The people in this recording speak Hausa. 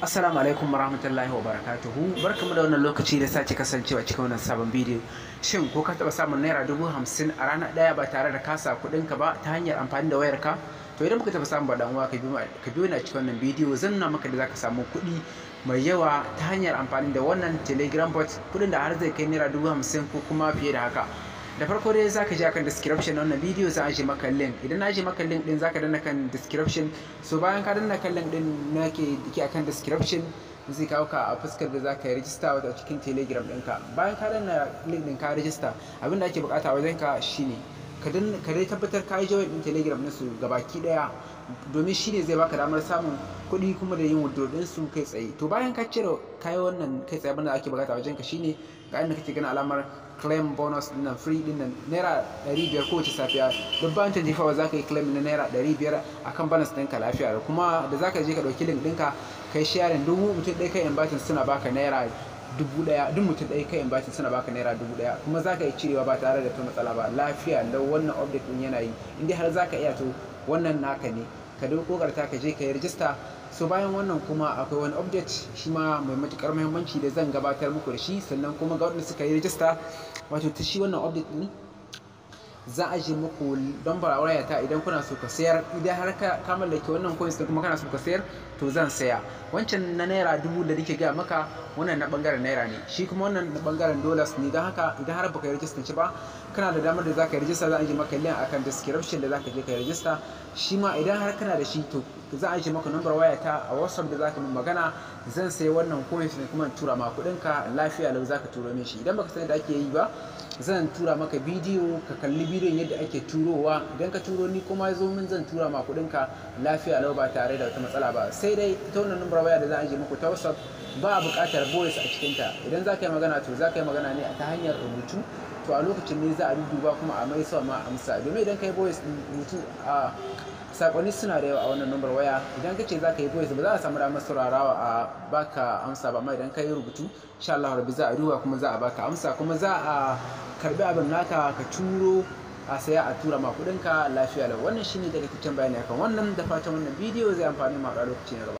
Assalamu alaikum warahmatullahi wabarakatuhu barkamu da wannan lokaci da sace kasancewa cikin wannan sabon bidiyo shin ko ka taba samun naira dubu hamsin a rana daya ba tare da kasa kuɗin ka ba ta hanyar amfani da wayar ka to idan muka taba samu ba dan uwa ka biyo na cikin wannan bidiyo zan nuna maka da zaka samu kuɗi mai yawa ta hanyar amfani da wannan telegram bot kuɗin da har zai kai naira dubu hamsin ko kuma fiye da haka da farko dai zaka je akan description na wannan video za a je maka link idan na je maka link din zaka danna kan description so bayan ka danna kan link din nake dake akan description zai kawo ka a fuskar da zaka yi wato wata cikin telegram ɗinka bayan ka danna link din ka register abin da ake bukata wajen ka shine ka dai tabbatar ka yi jawabin telegiram telegram na su gabaki daya domin shi ne zai baka damar samun kuɗi kuma da yin withdraw din su kai tsaye to bayan ka cire kayan wannan kai tsaye banda ake bukata wajen ka shine ga inda kake gana alamar claim bonus din nan free din nan naira 500 kowace safiya duk bayan ta jefawa za yi claim na naira 500 akan bonus ɗinka lafiya da kuma da za ka je ka ɗauki link ɗinka kai sharing duk mutum ɗaya kai in suna baka naira dubu daya duk mutum ɗaya kai bashi suna baka naira dubu daya kuma zaka yi cirewa ba tare da ta matsala ba lafiya lau wannan update din yana yi inda har zaka iya to wannan naka ne ka dai kokarta ka je ka yi register so bayan wannan kuma akwai wani update shi ma mai matukar muhimmanci da zan gabatar muku da shi sannan kuma ga wanda suka yi register wato ta shi wannan update din za a je muku lambar waya ta idan kuna so ka sayar idan har ka mallaki wannan coins da kuma kana so ka sayar to zan saya wancan na naira dubu da nake gaya maka wannan na bangaren naira ne shi kuma wannan na bangaren dollars ne dan haka idan har baka yi ci ba kana da damar da zaka yi rajista za a ji maka link akan description da zaka je ka yi rajista shi ma idan har kana da shi to za a yi maka numbar waya ta a whatsapp da zaka min magana zan sai wannan coins ne kuma tura ma kuɗin ka lafiya lau zaka turo min shi idan baka san da ake yi ba zan tura maka bidiyo ka kalli bidiyon yadda ake turowa idan ka turo ni kuma zo min zan tura ma kuɗin ka lafiya lau ba tare da wata matsala ba sai dai ta wannan nambar waya da za a yi maka ta whatsapp ba a buƙatar boys a cikinta idan za ka yi magana to za ka yi magana ne ta hanyar rubutu to a lokacin ne za a duba kuma a mai sama amsa domin idan ka yi boys rubutu a sakonni suna da yawa a wannan number waya idan ka ce za ka yi boys ba za a samu damar saurarawa a baka amsa ba amma idan ka yi rubutu insha Allah rabbi za a duba kuma za a baka amsa kuma za a karbi abin naka ka turo a saya a tura ma kudinka lafiya lau wannan shine daga cikin bayani akan wannan da fatan wannan bidiyo zai amfani ma a lokacin na